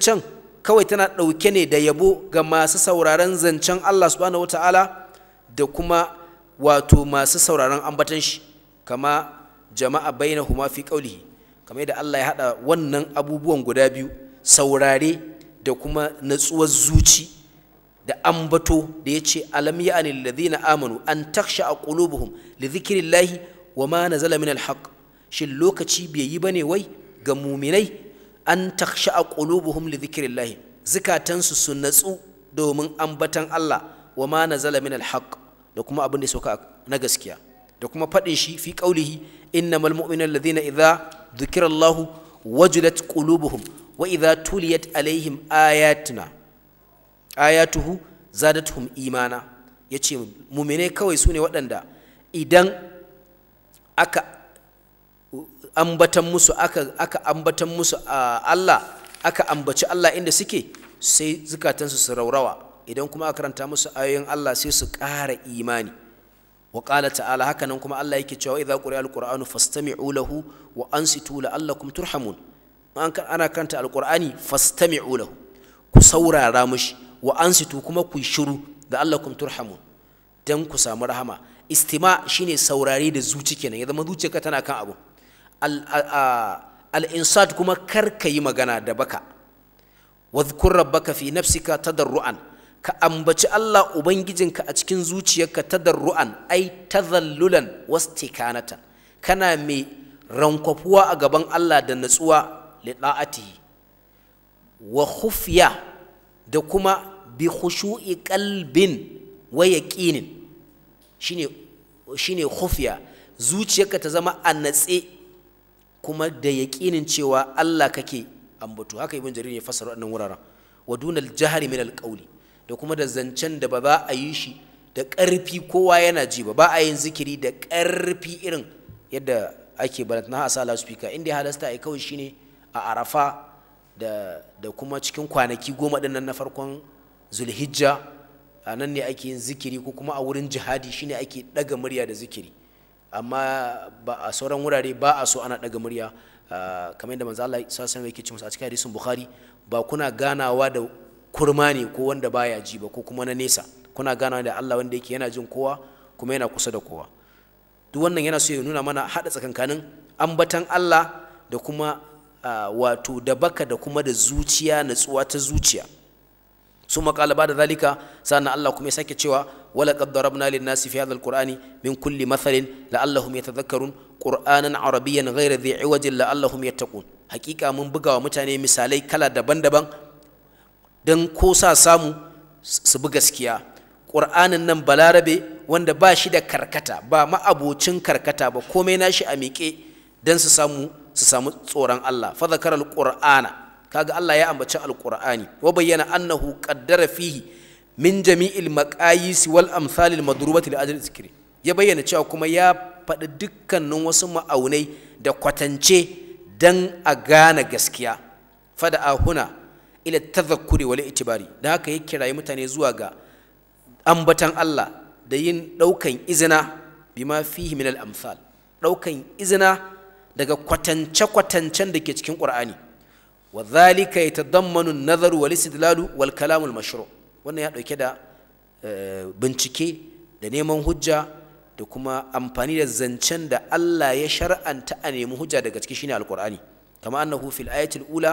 can kawai tana ɗauke ne da yabo ga masu sauraron zancen Allah subhanahu ta'ala da kuma wato masu sauraron ambatan shi kama jama'a baina huma fi qaulihi kamar yadda Allah ya hada wannan abubuwan guda biyu saurare da kuma natsuwar zuci da ambato da ya yace alam ya'ani alladhina amanu an taksha qulubuhum li zikirillahi wa ma nazala min alhaq shin lokaci bai yi bane wai ga muminai an a ƙulubuhum li zikirillahi zikatansu su natsu domin ambatan Allah wa ma zala min alhaq da kuma abin da sauka na gaskiya da kuma faɗin shi fi inna innamal mu'minuna alladhina idza dhikrallahu wajilat ƙulubuhum wa idza tuliyat alaihim ayatuna ayatuhu zadatuhum imana yace mu'mine kawai sune waɗanda idan aka ambatan musu aka aka ambatan musu Allah aka ambaci Allah inda suke sai zukatansu su raurawa idan kuma aka karanta musu ayoyin Allah sai su ƙara imani wa qala ta'ala haka kuma Allah yake cewa idza quri alqur'anu fastami'u lahu wa ansitu la'allakum turhamun an ana karanta alqur'ani fastami'u lahu ku saurara mushi wa ansitu kuma ku shiru da allakum turhamun dan ku samu rahama istima shine saurare da zuci kenan ya zama zuciyarka tana kan abu al'insad kuma kar ka yi magana da baka wadhkur rabbaka fi nafsika tadarru'an ka ambaci Allah ubangijinka a cikin zuciyarka tadarru'an ai tadhallulan wastikanatan kana mai rankwafuwa a gaban Allah da natsuwa lida'atihi wa khufya da kuma bi khushu'i kalbin wa shine hufya zuciyarka ta zama a natse kuma da yaƙinin cewa Allah kake ambatu haka ibn jarir ya fassara wannan wuraren wa dunal jahri min alqawli da kuma da zancen da ba za a yi shi da ƙarfi kowa yana ji ba ba a yin zikiri da ƙarfi irin yadda ake balanta na su loudspeaker inda ya halasta ai kawai shine a arafa da da kuma cikin kwanaki goma ɗin nan na farkon zulhijja a nan ne ake yin zikiri ko kuma a wurin jihadi shine ake ɗaga murya da zikiri amma ba a sauran wurare ba a so ana daga murya ah, kamar yadda manzo Allah sallallahu alaihi yake ce a cikin hadisin Bukhari ba kuna ganawa da kurma ne ko wanda baya ji ba ko kuma na nesa kuna ganawa da Allah wanda yake yana jin kowa kuma yana kusa da kowa duk wannan yana so ya nuna mana hada tsakankanin ambatan Allah da kuma ah, wato da baka da kuma da zuciya natsuwa ta zuciya su makalaba da zalika sannan Allah kuma ya sake cewa ولقد ضربنا للناس في هذا القرآن من كل مثل لعلهم يتذكرون قرآنا عربيا غير ذي عوج لعلهم يتقون حقيقة من بقى ومتاني مثالي كلا دبن دبن دن كوسا سامو سبقسكيا قرآن نم بالاربي wanda ba shi da karkata ba ma'abocin karkata ba komai nashi a miƙe don su samu tsoron Allah fa kur'ana qur'ana kaga Allah ya ambaci alqur'ani wa bayyana annahu qaddara fihi min jami'il maqayis wal amsalil madrubati li ajli zikri ya bayyana cewa kuma ya faɗi dukkanin wasu ma'aunai da kwatance dan a gane gaskiya fada a huna ila tazakkuri wal itibari da haka ya kirayi mutane zuwa ga ambatan Allah da yin daukan izina bima fihi min al amsal daukan izina daga kwatance kwatancen da ke cikin qur'ani wa dhalika yatadammanu an-nazar wal istidlal wal kalamul mashru' wannan ya ɗauke da eh, bincike da neman hujja da kuma amfani da zancen da Allah ya shar'anta a nemi hujja daga ciki shine alqur'ani kama annahu fil ayatil ula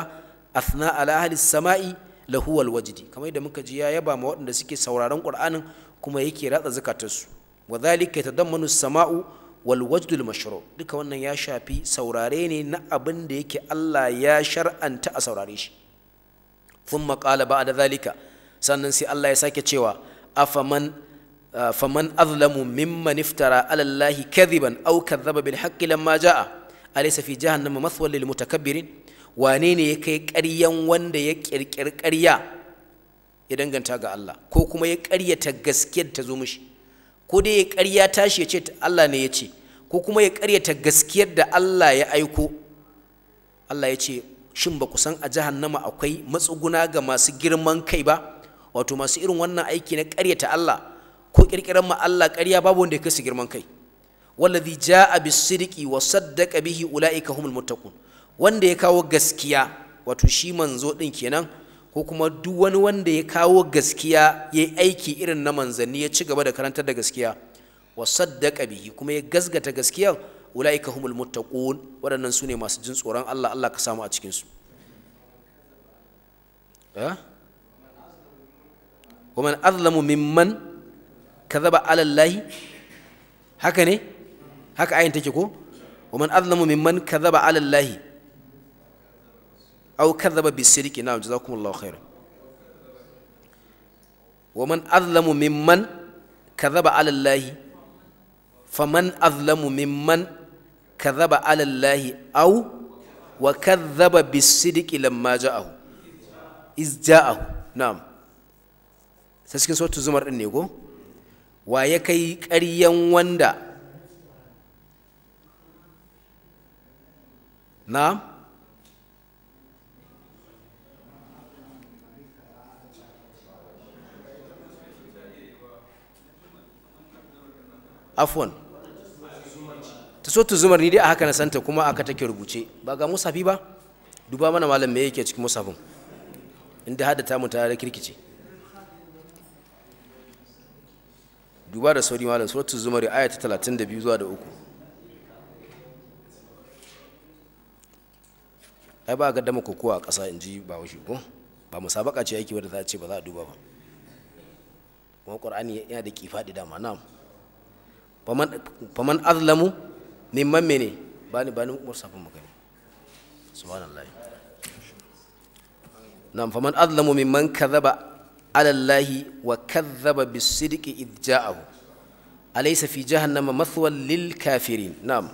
athna ala ahli samai lahu wal wajdi kamar yadda muka ji ya yaba ma waɗanda suke sauraron qur'anin kuma yake ratsa zakatarsu wa dhalika yatadammanu samau wal wajdul mashru duka wannan ya shafi saurare ne na abin da yake Allah ya shar'anta a saurare shi thumma qala ba'da dhalika sannan sai Allah ya sake cewa afaman ah, faman azlamu mimman iftara ala Allah kadhiban aw kadhaba bil haqqi lamma jaa alaysa fi jahannama mathwa lil mutakabbirin wane ne ya kai ƙaryan wanda ya kirkir ƙarya ya danganta ga Allah ko kuma ya ƙaryata gaskiyar ta zo mishi ko dai ya ƙarya tashi ya ce Allah ne ya ce ko kuma ya ƙaryata gaskiyar da Allah ya aiko Allah ya ce shin ba ku san a jahannama akwai matsuguna ga masu girman kai ba wato masu irin wannan aiki na ƙaryata Allah ko ƙirƙiran ma Allah ƙarya babu wanda ya kai su girman kai wallazi jaa bis-sidqi wa saddaqa bihi ulaika humul muttaqun wanda ya kawo gaskiya wato shi manzo din kenan ko kuma duk wani wanda ya kawo gaskiya yayi aiki irin na manzanni ya ci gaba da karantar da gaskiya wa saddaqa bihi kuma ya gasgata gaskiya ulaika humul muttaqun waɗannan ne masu jin tsoron Allah Allah ka samu a cikin su eh ومن أظلم ممن كذب على الله haka ne haka ayin take ko waman azlamu mimman kadhaba ala allah aw kadhaba bisirki na jazakumullahu khairan waman azlamu mimman kadhaba ala allah faman azlamu mimman kadhaba ala allah aw wa kadhaba bisidqi lamma ja'ahu iz ja'ahu sai cikin sautu zumar ɗin ne ko wa ya kai ƙaryan wanda na afwan ta so ta zumar ni dai a haka na santa kuma aka take rubuce ba ga musafi ba duba mana malam me yake cikin musafin inda hada tamu ta kirkice duba da sauri malam suratul zumari aya ta 32 zuwa da 3 ai ba ga dama kokowa a ƙasa in ji ba washe ko ba mu sabaka ce yake wadda za a ce ba za a duba ba kuma qur'ani yana da kifaɗi dama na'am faman faman azlamu mimman mene bani bani umar safin magani subhanallah na'am faman azlamu mimman kadhaba alallahi wa kadhaba bisidqi idh ja'ahu alaysa fi jahannama mathwan lil kafirin na'am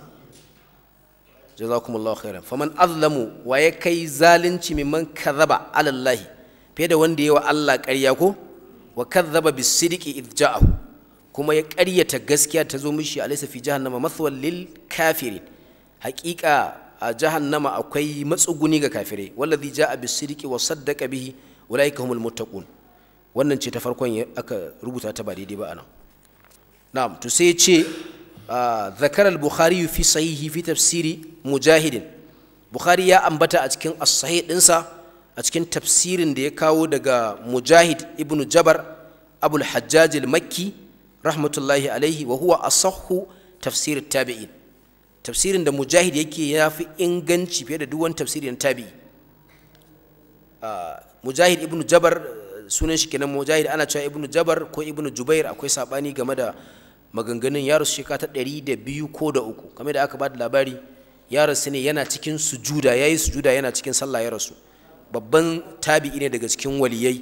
jazakumullahu khairan faman azlamu wa ya kai zalunci mimman kadhaba alallahi fiye da wanda yawa Allah ƙarya ko wa kadhaba bisidqi idh ja'ahu kuma ya ƙaryata gaskiya ta zo mishi alaysa fi jahannama mathwan lil kafirin haƙiƙa a jahannama akwai matsuguni ga kafirai wallazi ja'a bisidqi wa saddaqa bihi ulaika humul muttaqun wannan ce ta farkon aka rubuta ta ba daidai ba anan na'am to sai ce ah, zakar al-bukhari fi sahihi fi tafsiri mujahidin bukhari ya ambata a cikin as-sahih dinsa a cikin tafsirin da ya kawo daga mujahid ibnu jabar abul hajjaj al-makki rahmatullahi alaihi wa huwa asahhu tafsir tabi'in tafsirin da mujahid yake ya fi inganci fiye da duk wani tafsirin tabi'i ah, mujahid ibnu jabar sunan shi kenan mujahid ana cewa ibnu jabar ko ibnu jubair akwai sabani game da maganganun ya rasu shekara ta ɗari da biyu ko da uku kamar da aka ba da labari ya rasu ne yana cikin sujuda ya yi sujuda yana cikin sallah ya rasu babban tabi'i ne daga cikin waliyai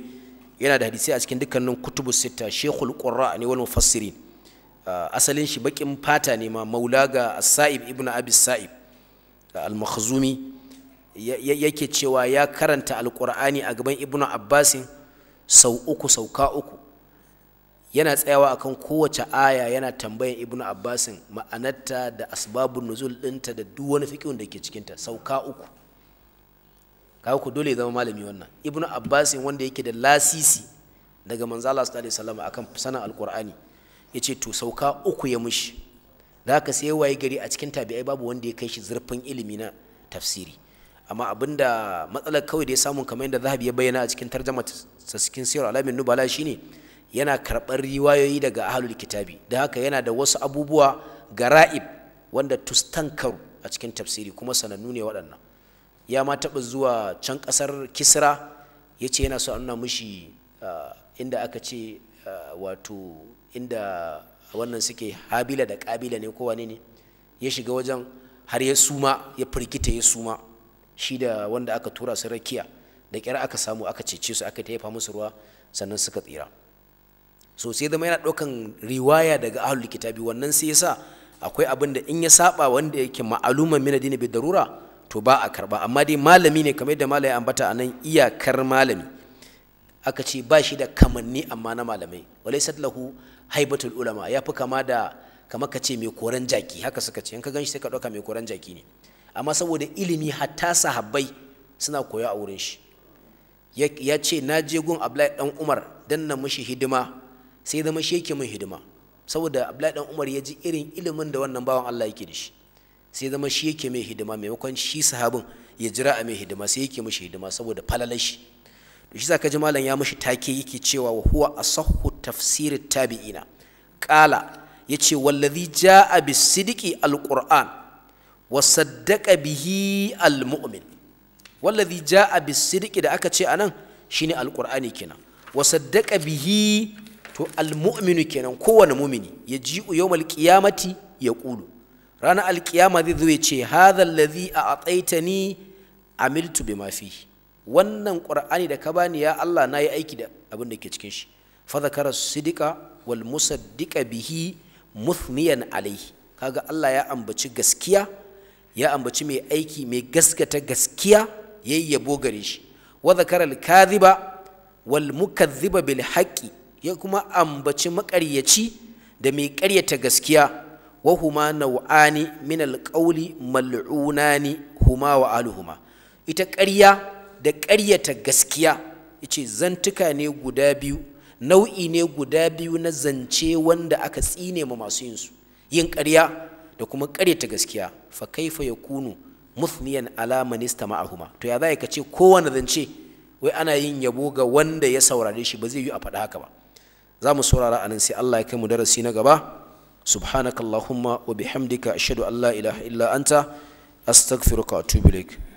yana da hadisai a cikin dukkanin kutubu sita shekul qurra ne wal mufassirin asalin shi bakin fata ne ma maula ga sa'ib ibnu abi sa'ib al-makhzumi yake cewa ya karanta alqur'ani a gaban ibnu abbasin sau uku sauka uku yana tsayawa akan kowace aya yana tambayan ibnu abbasin ma'anarta da asbabun nuzul ɗinta da duk wani fiƙin da ke cikinta sauka uku kaga ku dole zama malami wannan ibnu abbasin wanda yake da lasisi daga manzo Allah sallallahu alaihi wasallam akan sanan alqur'ani yace to sauka uku ya mushi da haka sai waye gari a cikin tabi'ai babu wanda ya kai shi zurfin ilimi na tafsiri amma abinda matsalar kawai da ya samu kamar yadda zahabi ya bayyana a cikin tarjama ta cikin siyar alamin nubala shine yana karɓar riwayoyi daga ahalul kitabi da haka yana da wasu abubuwa ga ra'ib wanda tustankaru a cikin tafsiri kuma sanannu ne waɗannan ya ma taɓa zuwa can ƙasar kisra ya ce yana so a nuna mushi ah, inda aka ce ah, wato inda wannan suke habila da ƙabila ne ko wane ne ya shiga wajen har ya suma ya firgita ya suma shi da wanda aka tura su rakiya da kyar aka samu aka cece su aka taifa musu ruwa sannan suka tsira so sai zama yana ɗaukan riwaya daga ahlul kitabi wannan sai yasa akwai abin da in ya saba wanda yake ma'aluma min addini bi darura to ba a karba amma dai malami ne kamar yadda malami ambata anan iyakar malami aka ce ba shi da kamanni amma na malamai walaysat lahu haibatul ulama ya fi kama da kama ka ce mai koran jaki haka suka ce in ka ganshi sai ka ɗauka mai koren jaki ne amma saboda ilimi hatta sahabbai suna koya a wurin shi ya ce na je gun Abdullahi dan Umar dan na mishi hidima sai zama shi yake min hidima saboda Abdullahi dan Umar ya ji irin ilimin da wannan bawan Allah yake da shi sai zama shi yake mai hidima maimakon shi sahabin ya jira a mai hidima sai yake mishi hidima saboda falalar shi to shi zaka ji malam ya mishi take yake cewa wa huwa asahhu tafsirit tabi'ina qala yace wallazi jaa sidiki alquran wa saddaqa bihi almu'min wallazi jaa bisidqi da aka ce a anan shine alƙur'ani kenan wa bihi to almu'minu kenan kowane mu'mini yaji'u yawmal ya yaqulu ranar alƙiyama zai zo ya ce lazi a allazi a'taitani amiltu bima fihi wannan qur'ani da ka bani ya Allah na yi aiki da abin da ke cikin shi fa zakara sidqa wal musaddiqa bihi muthniyan alayhi kaga Allah ya ambaci gaskiya ya ambaci mai aiki mai gaskata gaskiya yi yabo gare shi wa zakara kadhiba wal mukadhiba bil haqqi ya kuma ambaci maƙaryaci da mai karyata gaskiya wa huma nau'ani min al-qawli mal'unani huma wa aluhuma ita karya da karyata gaskiya yace zantuka ne guda biyu nau'i ne guda biyu na zance wanda aka tsine ma masu yin su yin ƙarya da kuma ƙaryata gaskiya fa kaifa yakunu muthniyan ala man istama'ahuma to ya zai ka ce kowanne zance wai ana yin yabo ga wanda ya saurare shi ba zai yi a faɗa haka ba za mu saurara anan sai Allah ya kai mu darasi na gaba subhanakallahumma wa bihamdika ashhadu an la ilaha illa anta astaghfiruka wa atubu ilaik